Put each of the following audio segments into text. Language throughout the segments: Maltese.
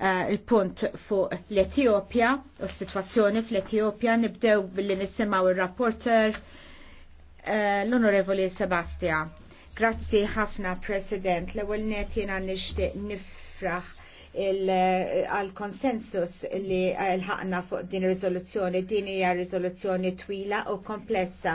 Eh, il-punt fuq l etiopja u s-situazzjoni fl etiopja nibdew billi nisimaw il-rapporter eh, l-Onorevoli Sebastia. Grazzi ħafna, President. L-ewel net jena nishtiq nifraħ għal-konsensus li l-ħakna fuq din rizoluzzjoni. Din hija rizoluzzjoni twila u komplessa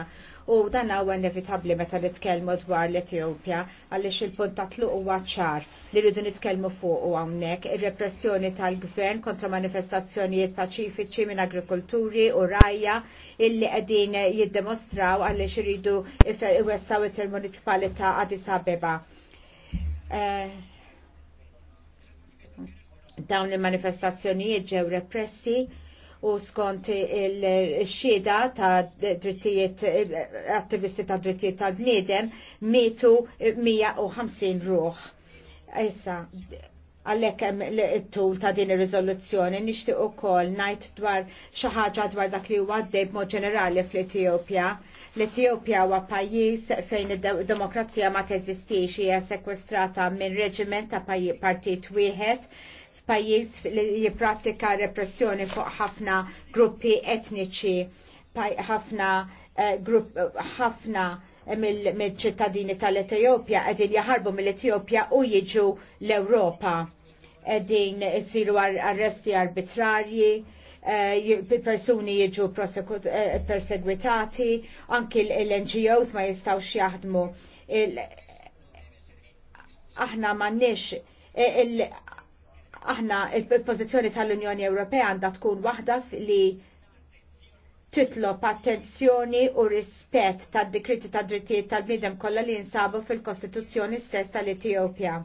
u dan huwa inevitabli meta nitkellmu dwar l-Etjopja għaliex il-punt ta' huwa ċar li rridu nitkellmu fuq u hawnhekk ir-repressjoni tal-gvern kontra manifestazzjonijiet paċifiċi minn agrikolturi u rajja illi qegħdin jiddemostraw għaliex iridu iwessaw it-termunicipalità Addis Abeba. Uh, Dawn il-manifestazzjonijiet ġew repressi u skont il-xieda ta' drittijiet attivisti ta' drittijiet tal-bniedem mietu 150 ruħ. Issa, għallek il-tul ta' din ir-riżoluzzjoni nixtieq ukoll ngħid dwar xi ħaġa dwar dak li huwa għaddej b'mod ġenerali fl-Etjopja. L-Etjopja huwa pajjiż fejn id-demokrazija ma teżistix hija sekwestrata minn reġiment ta' partit wieħed pajjiż li jipprattika repressjoni fuq ħafna gruppi etniċi, ħafna eh, grupp ħafna mill-ċittadini tal-Etjopja qegħdin jaħarbu mill-Etjopja u jiġu l-Ewropa. Qegħdin isiru arresti arbitrarji, eh, persuni jiġu eh, perseguitati, anki l-NGOs ma jistawx jaħdmu. Aħna m'għandniex aħna il-pozizjoni tal-Unjoni Ewropea għandha tkun waħda li titlob attenzjoni u rispett tad-dikriti tad drittijiet tal-bniedem kollha li jinsabu fil-Kostituzzjoni stess tal-Etjopja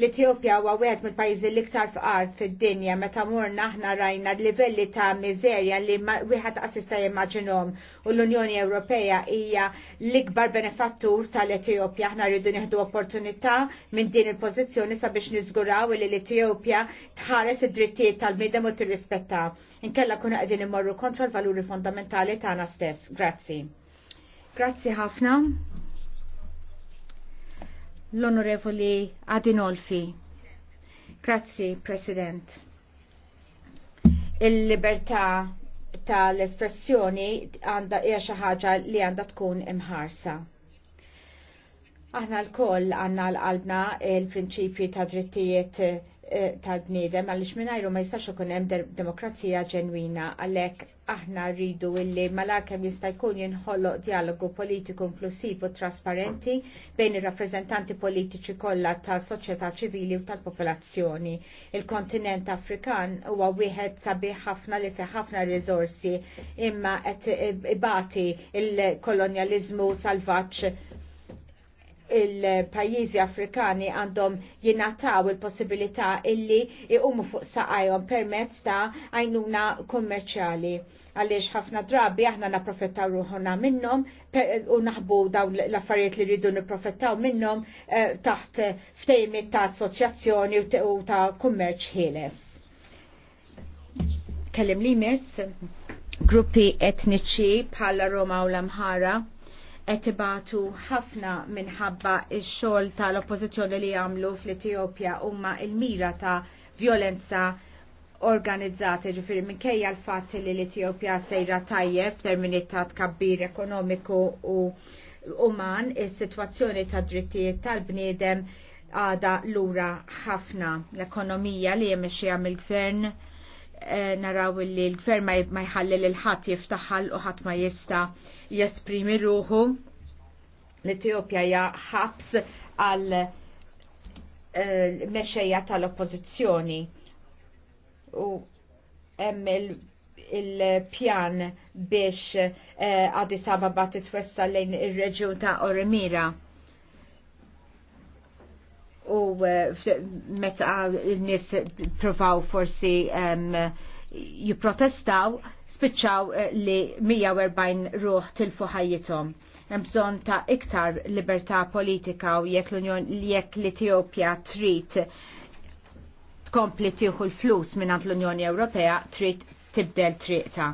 L-Etjopja huwa wieħed mill-pajjiżi l-iktar f'art fid-dinja meta morna aħna rajna livelli ta' miżerja li wieħed assista jimmaġinhom u l-Unjoni Ewropea hija l-ikbar benefattur tal-Etjopja. Aħna rridu nieħdu opportunità minn din il-pożizzjoni sabiex niżguraw li l-Etjopja tħares id-drittijiet tal-bniedem u tirrispetta. Inkella kuna qegħdin immorru kontra l-valuri fondamentali tagħna stess. Grazzi. Grazzi ħafna l-Onorevoli Adinolfi. Grazzi, President. Il-libertà tal-espressjoni għanda hija xi ħaġa li għandha tkun imħarsa. Aħna l-koll għanna l-qalbna il-prinċipji ta' drittijiet Eh, ta' bniedem għaliex mingħajru ma jistax ikun hemm demokrazija ġenwina għalhekk aħna rridu illi malar kemm jista' jkun jinħolloq dialogu politiku inklusiv u trasparenti bejn ir-rappreżentanti politiċi kollha tas-soċjetà ċivili u tal-popolazzjoni. Il-kontinent Afrikan huwa wieħed sabiħ ħafna li fih ħafna riżorsi imma qed ibati il-kolonjaliżmu salvaġġ il-pajjiżi Afrikani għandhom jinataw il-possibilità illi jgħumu fuq saqajhom permezz ta' għajnuna kummerċjali. Għaliex ħafna drabi aħna naprofettaw ruħuna minnhom u naħbu dawn l-affarijiet li rridu niprofettaw minnhom eh, taħt ftejmi ta' assoċjazzjoni u ta' kummerċ ħieles. Kellim li mis, gruppi etniċi bħala Roma u l-Amħara etibatu ħafna minħabba il-xol tal-oppozizjoni li għamlu fl-Etiopja umma il-mira ta' violenza organizzata ġifiri minkejja l-fat li l-Etiopja sejra tajjeb termini ta' tkabbir ekonomiku u uman il-situazzjoni ta' drittijiet tal-bniedem għada lura ħafna l-ekonomija li għam mill-gvern eh, naraw li l-gvern ma jħallil il-ħat jiftaħal u ħat ma jista' jesprimi ruħu l etiopja hija ħabs għal eh, meċeja tal-oppożizzjoni u hemm il-pjan biex eh, Addis Ababa titwessa lejn ir-reġjun ta' Oremira u eh, meta n-nies provaw forsi um, jiprotestaw spiċċaw eh, li 140 ruħ tilfu ħajjithom. Hemm bżonn ta' iktar libertà politika u jekk l-Unjon jekk l-Etjopja trid tkompli tieħu l-flus mingħand l-Unjoni Ewropea trid tibdel triqta.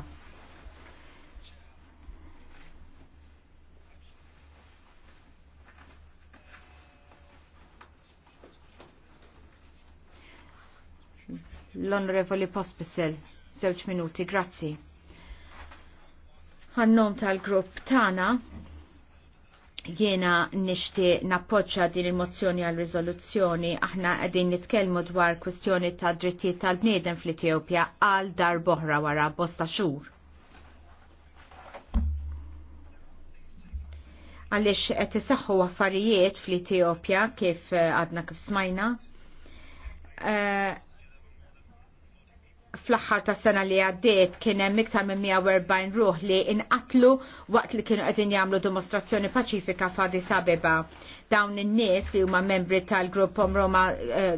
l-Onorevoli Pospisil. żewġ minuti, grazzi għannom tal-grupp tana jiena nishti nappoċċa din il-mozzjoni għal riżoluzzjoni aħna qegħdin nitkellmu dwar kwestjoni ta' drittijiet tal-bniedem fl-Etjopja għal dar boħra wara bosta xhur. Għaliex qed isaħħu affarijiet fl etiopja kif eh, għadna kif smajna. Uh, fl-aħħar ta' sena li għaddiet kien hemm iktar minn 140 ruħ li inqatlu waqt li kienu qegħdin jagħmlu dimostrazzjoni paċifika f'Addis Abeba. Dawn in-nies li huma membri tal-grupp Roma eh,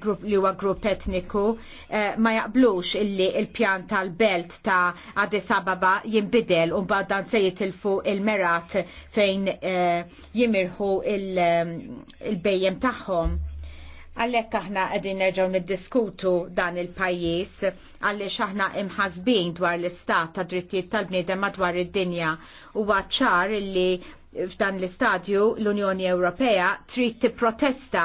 grupp li huwa grupp etniku eh, ma jaqblux illi il-pjan tal-belt ta' Addis Ababa jinbidel u mbagħad dan se jitilfu il-merat fejn eh, jimirħu eh, il-bejjem il tagħhom Għallek aħna għedin nerġaw niddiskutu dan il-pajis għalli aħna imħazbin dwar l-istat ta' drittijiet tal-bniedem madwar id-dinja u għacċar li f'dan l-istadju l-Unjoni Ewropea trid tipprotesta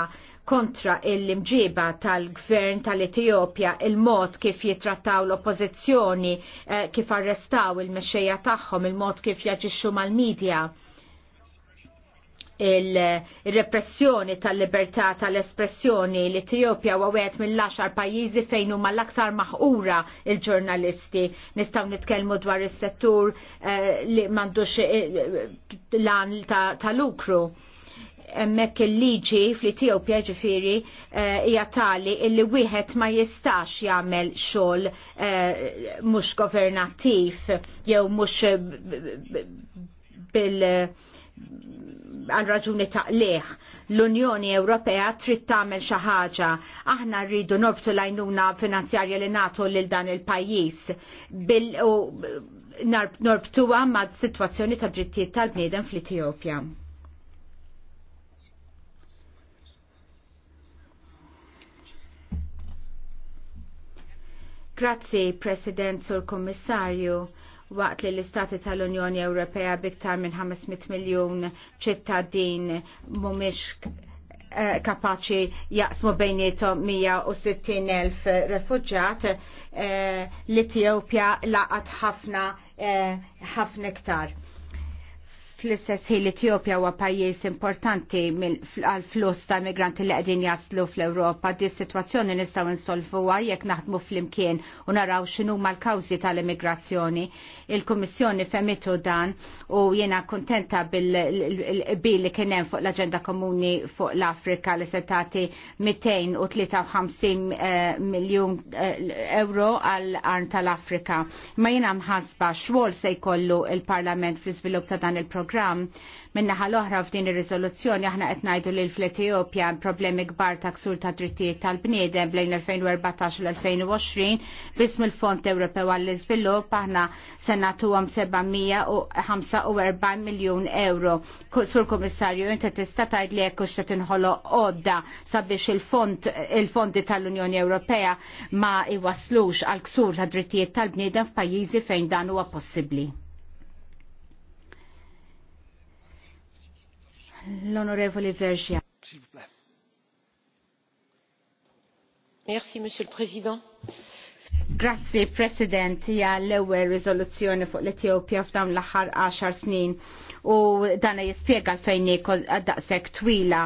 kontra l-imġiba tal-gvern tal-Etiopja il-mod kif jitrattaw l-oppozizjoni, eh, kif arrestaw il-mexxejja tagħhom, il-mod kif jaġixxu mal-medja il-repressjoni tal-libertà tal-espressjoni l etiopja u wieħed mill-10 pajjiżi fejn huma l-aktar maħqura il-ġurnalisti. Nistgħu nitkellmu dwar is-settur eh, li m'għandux eh, lan ta' lukru. Hemmhekk il-liġi fl etiopja ġifiri eh, hija tali illi wieħed ma jistax jagħmel xogħol mhux governattiv jew mhux bil għal raġuni taqliħ. L-Unjoni Ewropea trid tagħmel xi ħaġa. Aħna rridu norbtu l-għajnuna finanzjarja li nagħtu lil dan il-pajjiż bil norbtuha mad sitwazzjoni ta' drittijiet tal-bniedem fl-Etjopja. Grazzi, President, Sur Kommissarju waqt li l-istati tal-Unjoni Ewropea biktar minn 500 miljon ċittadin mumiex eh, kapaċi jaqsmu bejnietom 160.000 refugġat eh, l etiopja laqat ħafna eh, ħafna iktar fl-istess ħin l-Etjopja huwa pajjiż importanti għal flus ta' migranti li qegħdin jaslu fl-Ewropa. Di sitwazzjoni nistgħu insolvuha jekk naħdmu flimkien u naraw x'inhu l-kawżi tal-immigrazzjoni. Il-Kummissjoni femitu dan u jiena kuntenta bil-qbil li kien hemm fuq l-Aġenda Komuni fuq l-Afrika li se tagħti 253 eh, miljun eh, euro għal arn tal-Afrika. Ma jiena mħasba x'wol se jkollu il-Parlament fl-iżvilupp ta' dan il-programm program minna l-oħra f'din ir-riżoluzzjoni aħna qed ngħidu lil fl-Etjopja problemi kbar ta' ksur ta' drittijiet tal-bniedem bejn 2014 u l-2020 biss mill-Fond Ewropew għall-Iżvilupp aħna se nagħtuhom 745 miljun euro. Sur Kummissarju, inti tista' tgħid li hekk se tinħoloq għodda sabiex il-fondi tal-Unjoni Ewropea ma iwaslux għal ksur ta' drittijiet tal-bniedem f'pajjiżi fejn dan huwa possibbli. l Vergia. Merci, Monsieur le Président. Grazzi, President, Ja, l-ewwel riżoluzzjoni fuq l etiopia f'dawn l-aħħar 10 snin u dana jispjega l-fejn daqshekk twila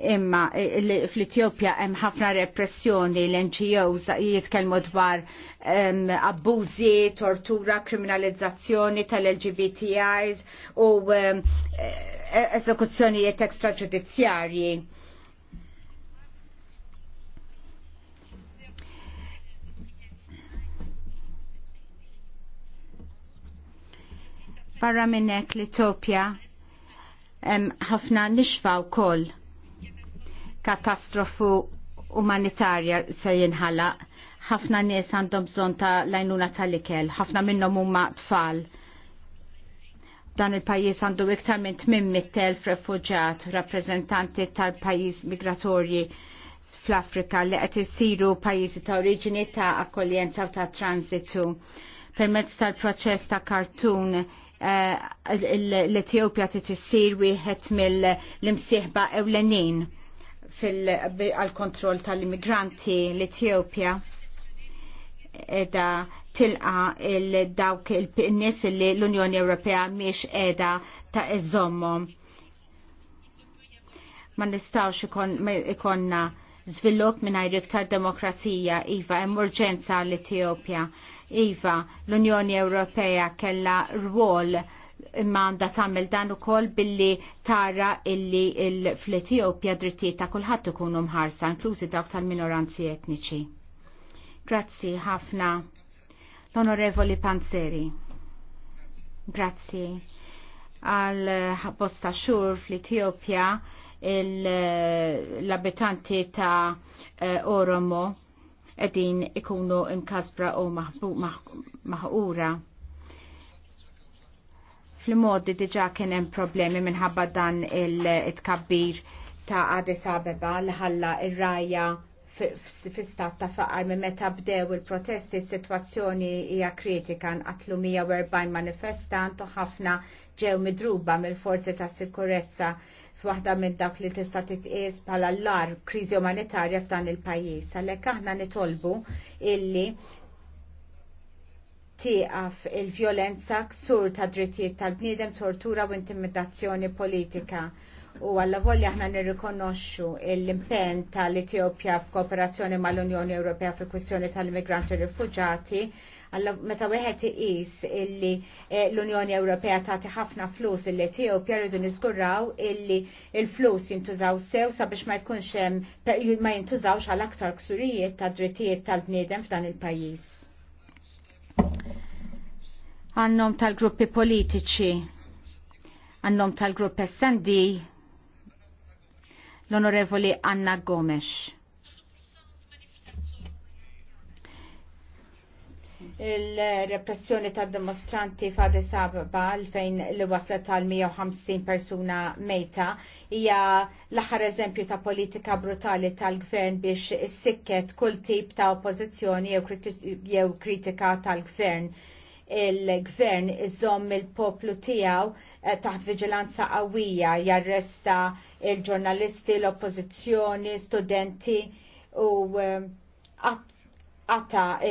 imma eh, fl-Etjopja hemm ħafna repressjoni l-NGOs jitkellmu dwar abbużi, tortura, kriminalizzazzjoni tal-LGBTIs u e-, eżekuzzjonijiet ekstraġudizzjarji. Barra minnek l-Etjopja ħafna nixfa wkoll katastrofu umanitarja se jinħalaq. Ħafna nies għandhom bżonn ta' lajnuna tal-ikel, ħafna minnhom huma tfal. Dan il-pajjiż għandu iktar minn 800,000 refuġat, rappreżentanti tal-pajjiż migratorji fl-Afrika li qed isiru pajjiżi ta' oriġini ta' akkoljenza u ta' transitu. Permezz tal-proċess ta' kartun eh, l-Etjopja titissir wieħed mill-imsieħba ewlenin għal-kontroll tal-immigranti l-Etjopja edha tilqa il-dawk il nies li l-Unjoni Ewropea miex edha ta' iżommom. Ma nistawx ikonna zvilup minn iktar demokrazija, iva, emurġenza l-Etjopja. Iva, l-Unjoni Ewropea kella rwol imma għanda tagħmel dan ukoll billi tara illi il fl-Etjopja drittijiet ta' kulħadd ikunu mħarsa, inklużi dawk tal-minoranzi etniċi. Grazzi ħafna l-Onorevoli Panzeri. Grazzi għal bosta xur fl-Etjopja l-abitanti ta' Oromo edin ikunu imkazbra u maħqura. Mah Fl-modi diġa kien hemm problemi minħabba dan il-tkabbir ta' Addis Abeba li ħalla ir-rajja fil-stat ta' faqar minn meta bdew il-protesti s-sitwazzjoni hija kritika nqatlu 140 manifestant u ħafna ġew midruba mill-forzi ta' sikurezza f'waħda minn dak li tista' titqies bħala l-lar kriżi umanitarja f'dan il-pajjiż. Għalhekk aħna nitolbu illi tieqaf il-vjolenza ksur ta' drittijiet tal-bniedem, tortura u intimidazzjoni politika. U għalla volja aħna nirrikonoxxu l-impenn tal-Etjopja f'kooperazzjoni mal-Unjoni Ewropea fil kwistjoni tal-immigranti rifuġati, Alla meta wieħed iqis illi eh, l-Unjoni Ewropea tagħti ħafna flus l-Etjopja rridu niżguraw illi l-flus jintużaw sew sabiex ma jkunx hemm ma jintużawx għal aktar ksurijiet ta' drittijiet tal-bniedem f'dan il-pajjiż għannom tal-gruppi politiċi, għannom tal-grupp SND, l-Onorevoli Anna Gomes. Il-repressjoni tad demonstranti f'Addis Ababa fejn li waslet tal 150 persuna mejta hija l-aħħar eżempju ta' politika brutali tal-gvern biex sikket kull tip ta' oppożizzjoni jew kritika tal-gvern il-gvern iżomm il-poplu tiegħu eh, taħt vigilanza qawwija jarresta il-ġurnalisti, l-oppożizzjoni, studenti u għata eh,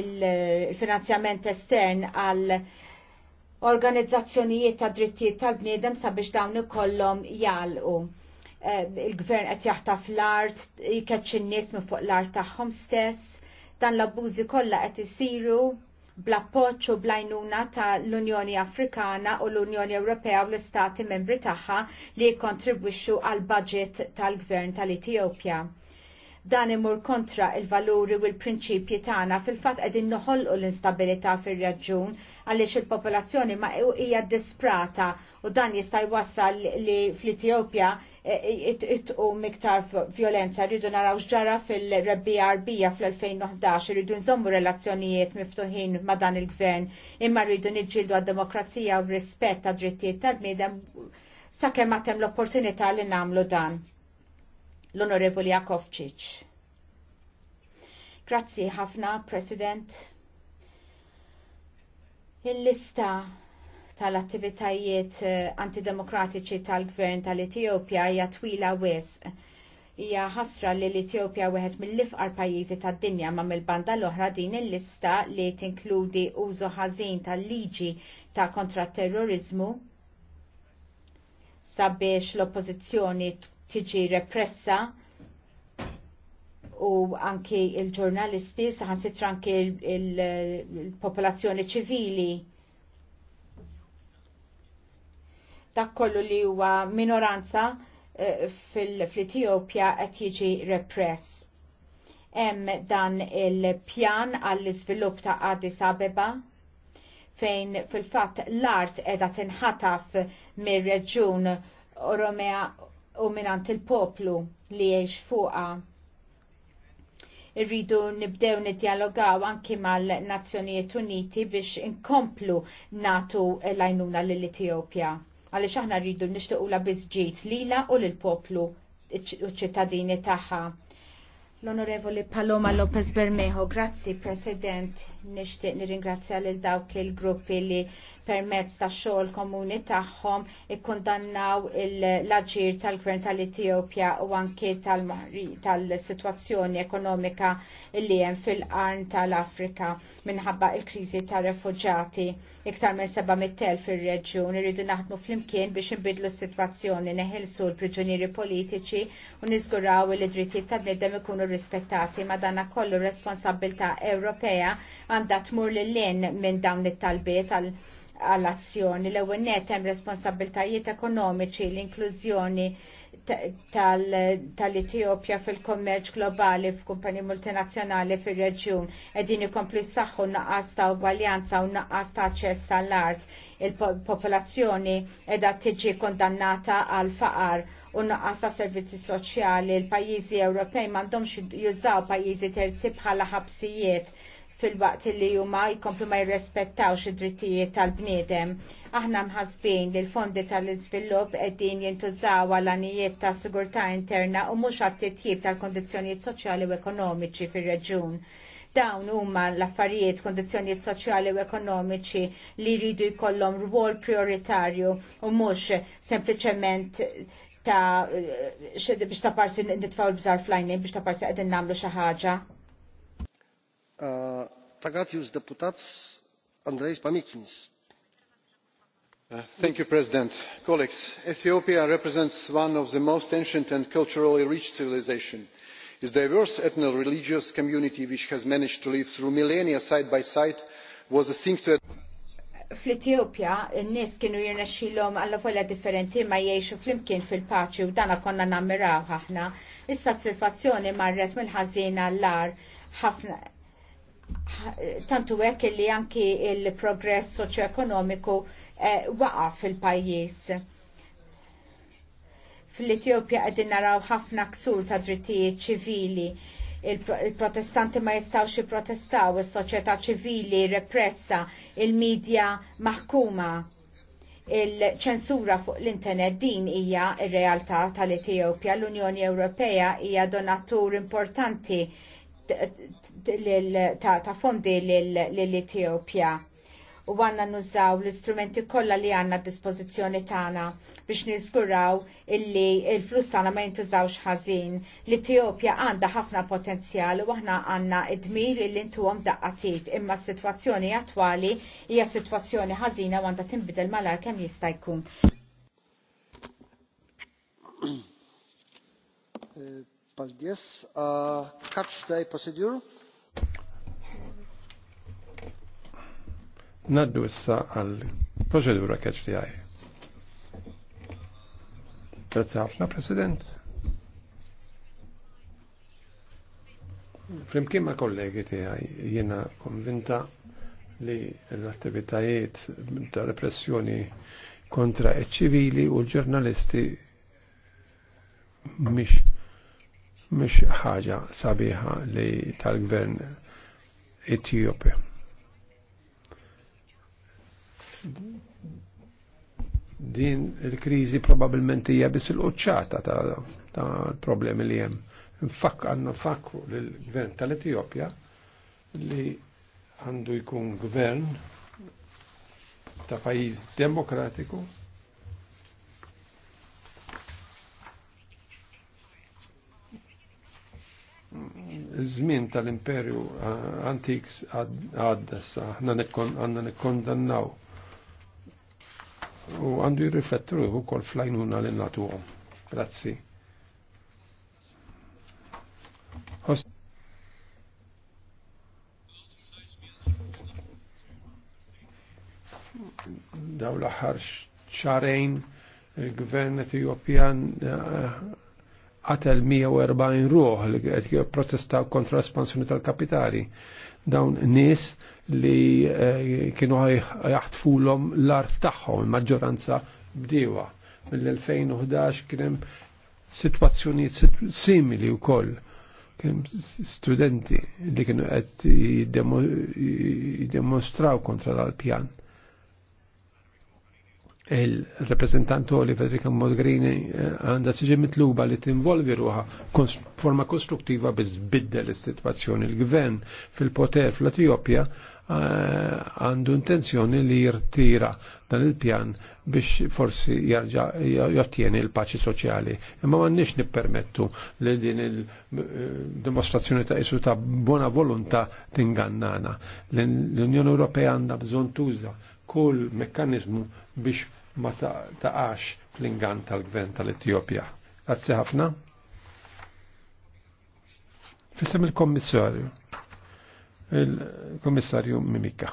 il-finanzjament estern għal organizzazzjonijiet ta' drittijiet tal-bniedem sabiex dawn ikollhom jalqu eh, il-gvern qed jaħtaf l-art, jkeċċ in-nies minn fuq l-art tagħhom stess, dan l-abbużi kollha qed isiru bl poċ u blajnuna ta' l-Unjoni Afrikana u l-Unjoni Ewropea u l-Istati membri tagħha li kontribwixxu għal budget tal-Gvern tal-Etjopja. Dan imur kontra il-valuri u l-prinċipji tagħna fil-fatt qegħdin noħolqu l-instabilità fir-raġun għaliex il-popolazzjoni ma hija disprata u dan jista' jwassal li fl-Etjopja Eh, itqu miktar violenza, rridu naraw ġara fil rebbi arbija fl-2011, rridu nżommu relazzjonijiet miftuħin ma dan il-gvern, imma rridu nġildu għad-demokrazija u rispett għad drittijiet tal-bniedem sakemm tem l-opportunità li namlu dan. L-Onorevoli Jakovčić. Grazzi ħafna, President. Il-lista tal-attivitajiet eh, antidemokratiċi tal-gvern tal-Etjopja hija twila wisq. Hija ħasra li l-Etjopja wieħed mill-ifqar pajjiżi tad-dinja ma mill-banda l-oħra din il-lista li tinkludi użu ħażin tal-liġi ta' kontraterrorizmu sabiex l-oppożizzjoni tiġi repressa u anki il-ġurnalisti saħansitra anki il-popolazzjoni ċivili dak kollu li huwa minoranza eh, fil-Etjopja qed jiġi repress. Hemm dan il-pjan għall-iżvilupp ta' Addis Abeba fejn fil-fatt l-art edha tinħataf mir-reġjun Oromea u minant il-poplu li jiex fuqa irridu nibdew nidjalogaw anki mal-Nazzjonijiet Uniti biex inkomplu natu l-għajnuna l-Etiopja għaliex aħna rridu nixtiequla la bizġiet lila u lill-poplu u ċittadini tagħha. L-Onorevoli Paloma Lopez Bermejo, grazzi President, nixtieq nirringrazzja lil dawk il-gruppi li permezz ta' xogħol komuni tagħhom ikkundannaw l-aġir tal-gvern tal-Etjopja u anke tal-sitwazzjoni ekonomika li hemm fil-qarn tal-Afrika minħabba l kriżi tar-refuġati. Iktar minn 700,000 fir-reġjun irridu naħdmu flimkien biex inbidlu s-sitwazzjoni neħilsu l-priġunieri politiċi u niżguraw li drittijiet tal nidem ikunu rispettati ma dana kollu responsabilità Ewropea għandha tmur lil lin minn dawn it-talbiet għal għall-azzjoni. L-ewwel net hemm responsabiltajiet ekonomiċi, l-inklużjoni tal-Etiopja fil-kommerċ globali f'kumpani multinazzjonali fil-reġjun edin ikomplu saħħu naqqas ta' ugwaljanza u naqqas ta' ċess għall-art. Il-popolazzjoni edha tiġi kondannata għal faqar u naqqas ta' servizzi soċjali. Il-pajjiżi Ewropej m'għandhomx jużaw pajjiżi terzi bħala ħabsijiet fil-waqt li huma jkomplu ma jirrespettawx id-drittijiet tal-bniedem. Aħna mħasbin li l-fondi tal-iżvilupp qegħdin jintużaw għal-anijiet ta' sigurtà interna u mhux għat-titjib tal-kondizzjonijiet soċjali u ekonomiċi fir-reġjun. Dawn huma l-affarijiet, kondizzjonijiet soċjali u ekonomiċi li jridu jkollhom rwol prioritarju u mhux sempliċement ta' biex ta' parsi nitfaw l-bżar flajni biex ta' parsi għedin namlu xaħġa mr uh, president ethiopia represents one of the most ancient and culturally rich civilisations. its diverse ethno religious community which has managed to live through millennia side by side was a thing to. fl-Etjopja in nies kienu jirnexxielhom alla volja differenti ma jgħixu flimkien fil-paċi u dan konna nammiraw aħna. is-satisfazzjoni marret mill-ħażin għall-ar ħafna tantu hekk li anki il-progress soċjoekonomiku ekonomiku eh, waqa fil-pajjiż. Fl-Etjopja qegħdin naraw ħafna ksur ta' drittijiet ċivili. Il-protestanti ma jistawx jipprotestaw, is-soċjetà ċivili repressa, il-medja maħkuma il-ċensura fuq l-internet din hija r-realtà tal-Etjopja. L-Unjoni Ewropea hija donatur importanti ta' fondi l etiopja u għanna nużaw l-istrumenti kollha li għanna dispożizzjoni tagħna biex niżguraw illi il-flus tagħna ma jintużawx ħażin. l etiopja għandha ħafna potenzjal u aħna għandna id-dmir illi ntuhom daqqatit imma s-sitwazzjoni attwali hija sitwazzjoni ħażina u għandha tinbidel malar kemm jista' jkun. Eh, Paldies. Uh, Naddu issa għal proċedura catch the eye. Grazie President. Flimkien ma' kollegi tiegħi jiena konvinta li l-attivitajiet ta' repressjoni kontra iċ-ċivili u l-ġurnalisti miex mhix ħaġa sabiħa li tal-gvern Etjopja. Din il-kriżi probabbilment hija biss il-quċċata tal problemi li hemm. Infakk għandna nfakru lill-gvern tal-Etjopja li għandu jkun gvern ta' pajjiż demokratiku żmien tal-imperju antik għadda sa għanna nikkondannaw u għandu jirriflettru ukoll flajnuna l-innatu għom. Grazzi. daw l-aħħar xarejn il-gvern Etiopian qatel 140 ruħ li qed protestaw kontra l-espansjoni tal-kapitali. Dawn nies li eh, kienu jaħtfulhom l-art tagħhom, il-maġġoranza bdiewa. Mill-2011 kien hemm sitwazzjonijiet simili wkoll kien studenti li kienu qed jiddemostraw kontra l-pjan il-reprezentantu li Federica Mogherini eh, għandha tiġi mitluba li tinvolvi ruħa forma kostruttiva biex biddel is-sitwazzjoni. Il-gvern fil-poter fl-Etiopja eh, għandu intenzjoni li jirtira dan il-pjan biex forsi jottieni l-paċi soċjali. Imma m'għandniex nippermettu li din il-dimostrazzjoni eh, ta' isu ta' buona volontà tingannana. L-Unjoni Ewropea għandha bżonn tuża kull mekkanizmu biex ma taqax fl-ingan tal-gvern tal-Etjopja. Grazzi ħafna. Fissem il-kommissarju, il-kommissarju Mimika.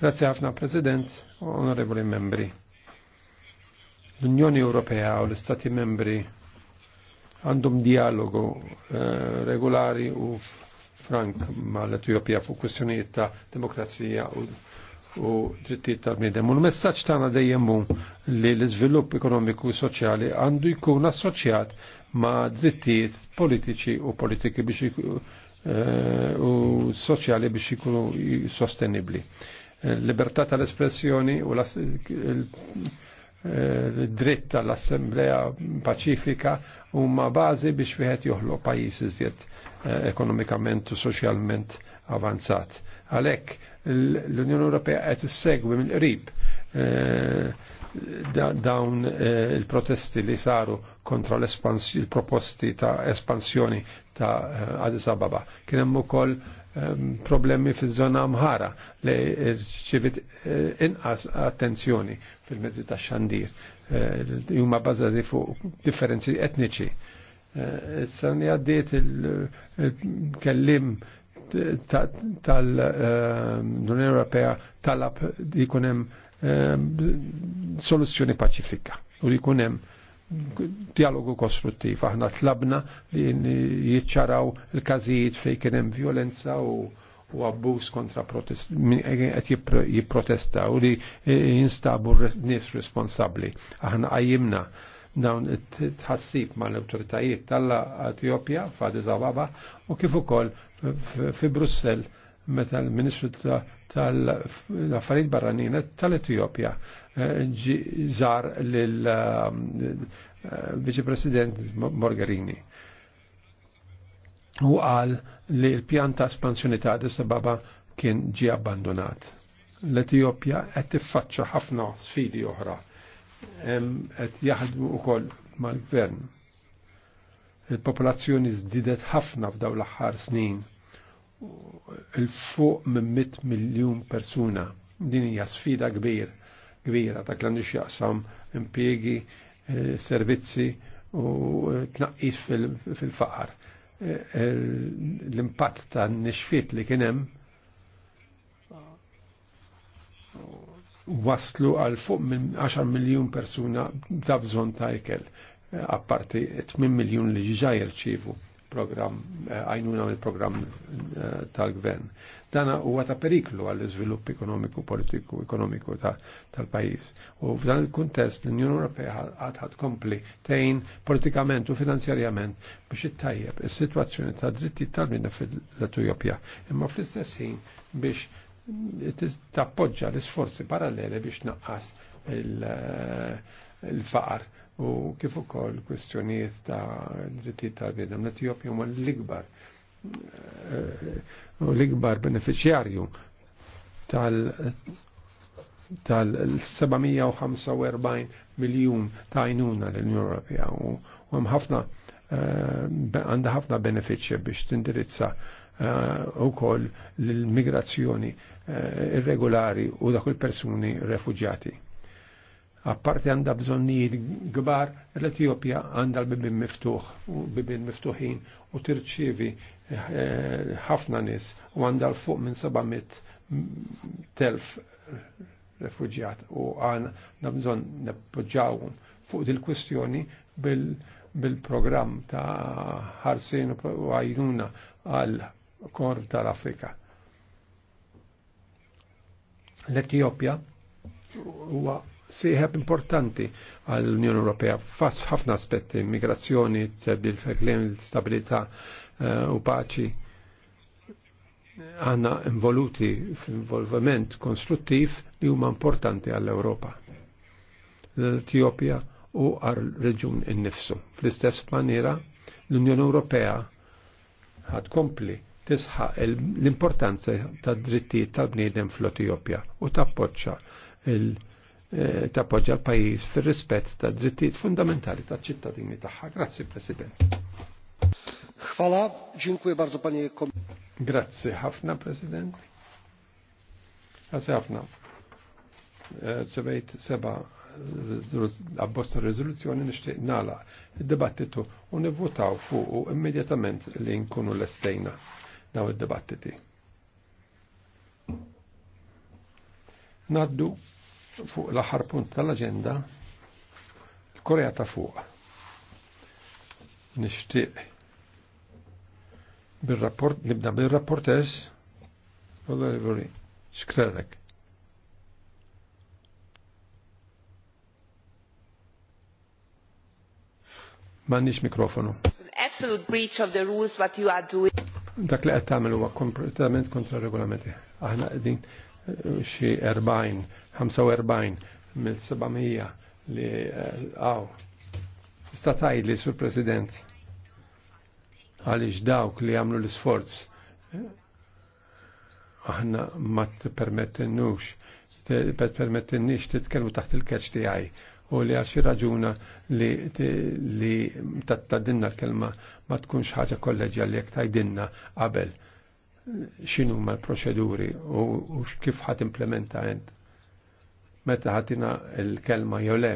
Grazie ħafna, President, onorevoli membri. L-Unjoni Ewropea u l-Stati membri għandhom dialogu eh, regolari u frank mal-Etjopja fuq kwestjonijiet ta' demokrazija u u drittijiet tal-bniedem. U l-messaġġ tagħna dejjem hu li l-iżvilupp ekonomiku u soċjali għandu jkun assoċjat ma' drittijiet politiċi u politiki biex eh, u soċjali biex ikunu sostenibbli. Libertà tal-espressjoni u eh, l-dritt tal-assemblea paċifika huma bażi biex wieħed joħloq pajjiż iżjed eh, ekonomikament u soċjalment avanzat Għalhekk l-Unjoni Ewropea qed issegwi mill-qrib eh, dawn eh, il-protesti li saru kontra l-proposti ta' espansjoni ta' eh, Addis Ababa. Kien hemm ukoll ehm, problemi fiż-żona mħara li rċivit inqas attenzjoni fil-mezzi ta' xandir. Huma bażati fuq differenzi etniċi. Sani għaddiet il-kellim tal-Unjoni Ewropea talab li jkun hemm ehm, soluzzjoni paċifika u li jkun hemm dialogu kostruttiv. Aħna tlabna li jiċċaraw il-każijiet fejn kien hemm violenza u u abbuż kontra protest, qed jipprotesta u li e, jinstabu nies responsabbli. Aħna qajjimna dawn it-tħassib mal-awtoritajiet tal-Etjopja f'Addis Ababa u kif ukoll fi Brussel meta l-Ministru tal-Affarijiet Barranin tal-Etjopja eh, ġi żar lil um, eh, Viċi President Morgarini. U qal li l-pjan ta' espansjoni ta' Addis Ababa kien ġi abbandonat. L-Etjopja qed tiffaċċa ħafna sfidi oħra. Qed jaħdmu wkoll mal-gvern. Il-popolazzjoni żdidet ħafna f'dawn l-aħħar snin il-fuq minn 100 miljun persuna. Din hija sfida kbir, kbira ta' klandu jaqsam, impjegi, eh, servizzi u eh, tnaqqis fil-faqar. Eh, l-impatt ta' nixfiet li kienem waslu għal fuq minn 10 miljun persuna da' bżon ta' ikel, apparti 8 miljun li ġiġa ċivu program eh, għajnuna il program eh, tal-gvern. Dana huwa ta' periklu għall iżvilupp ekonomiku, politiku, ekonomiku tal-pajis. U f'dan il kontest l-Unjoni Ewropea għadħat kompli tejn politikament u finanzjarjament biex ittajjeb is-sitwazzjoni ta' dritti tal-minna fil-Etjopja. Imma fl-istess ħin biex tappoġġa l-isforzi paralleli biex naqqas eh, il-faqar u kif ukoll kwistjonijiet ta' drittijiet tal-bnedem l-Etjopja huma l-ikbar eh, l-ikbar beneficjarju tal tal-745 miljun ta' għajnuna l-Unjoni Ewropea u hemm ħafna eh, għandha ħafna benefiċċji biex tindirizza wkoll eh, l-migrazzjoni irregolari u dak il-persuni refuġjati. Apparti għandha bżonnijiet kbar, l-Etjopja għandha l-bibin miftuħ, u bibin miftuħin u tirċievi eh, ħafna nies u għanda l-fuq minn 700 telf refugjat u għanda bżonn nepoġġawum fuq dil-kwistjoni bil-programm ta' ħarsin u għajnuna għal korn tal-Afrika. L-Etjopja huwa sieħeb importanti għall-Unjoni Ewropea fas ħafna aspetti, migrazzjoni, ġeddi l-feklim, stabilità eh, u paċi. Għanna involuti f'involviment konstruttiv li huma importanti għall-Ewropa. L-Etjopja u għall reġun innifsu. Fl-istess maniera l-Unjoni Ewropea ħad kompli tisħaq l-importanza tad drittijiet tal-bniedem fl-Etjopja u tappoċċa il- Eh, tappoġġa l-pajjiż fir-rispett ta' drittijiet fundamentali ta' ċittadini tagħha. Grazzi President. Hvala, dziękuję bardzo panie Grazzi ħafna President. Grazzi ħafna. Eh, ċevejt seba abbosta rezoluzzjoni nixtieq nala id-dibattitu u nivvutaw fuq immedjatament li nkunu lestejna daw id-dibattiti. Naddu fuq l-aħħar punt tal-aġenda l-Korea ta' fuq. Nixtieq bir rapport nibda bil-rapportez, Valerie Skrelek. Mannix mikrofonu. Absolute breach of the rules what you are doing. Dak li qed tagħmel huwa kompletament kontra regolamenti. Aħna qegħdin xi 40, 45 mill-700 li eh, għaw. Tista' tgħid li sur President għaliex dawk li għamlu l-isforz eh, aħna ma t-permettinux permettinix titkellmu taħt il-keċ għaj u li għaxi raġuna li tattadinna l-kelma ma tkunx ħaġa kolleġja li jek tajdinna qabel xinu ma l-proċeduri u kif ħat implementa jent. Meta ħatina l kelma jew le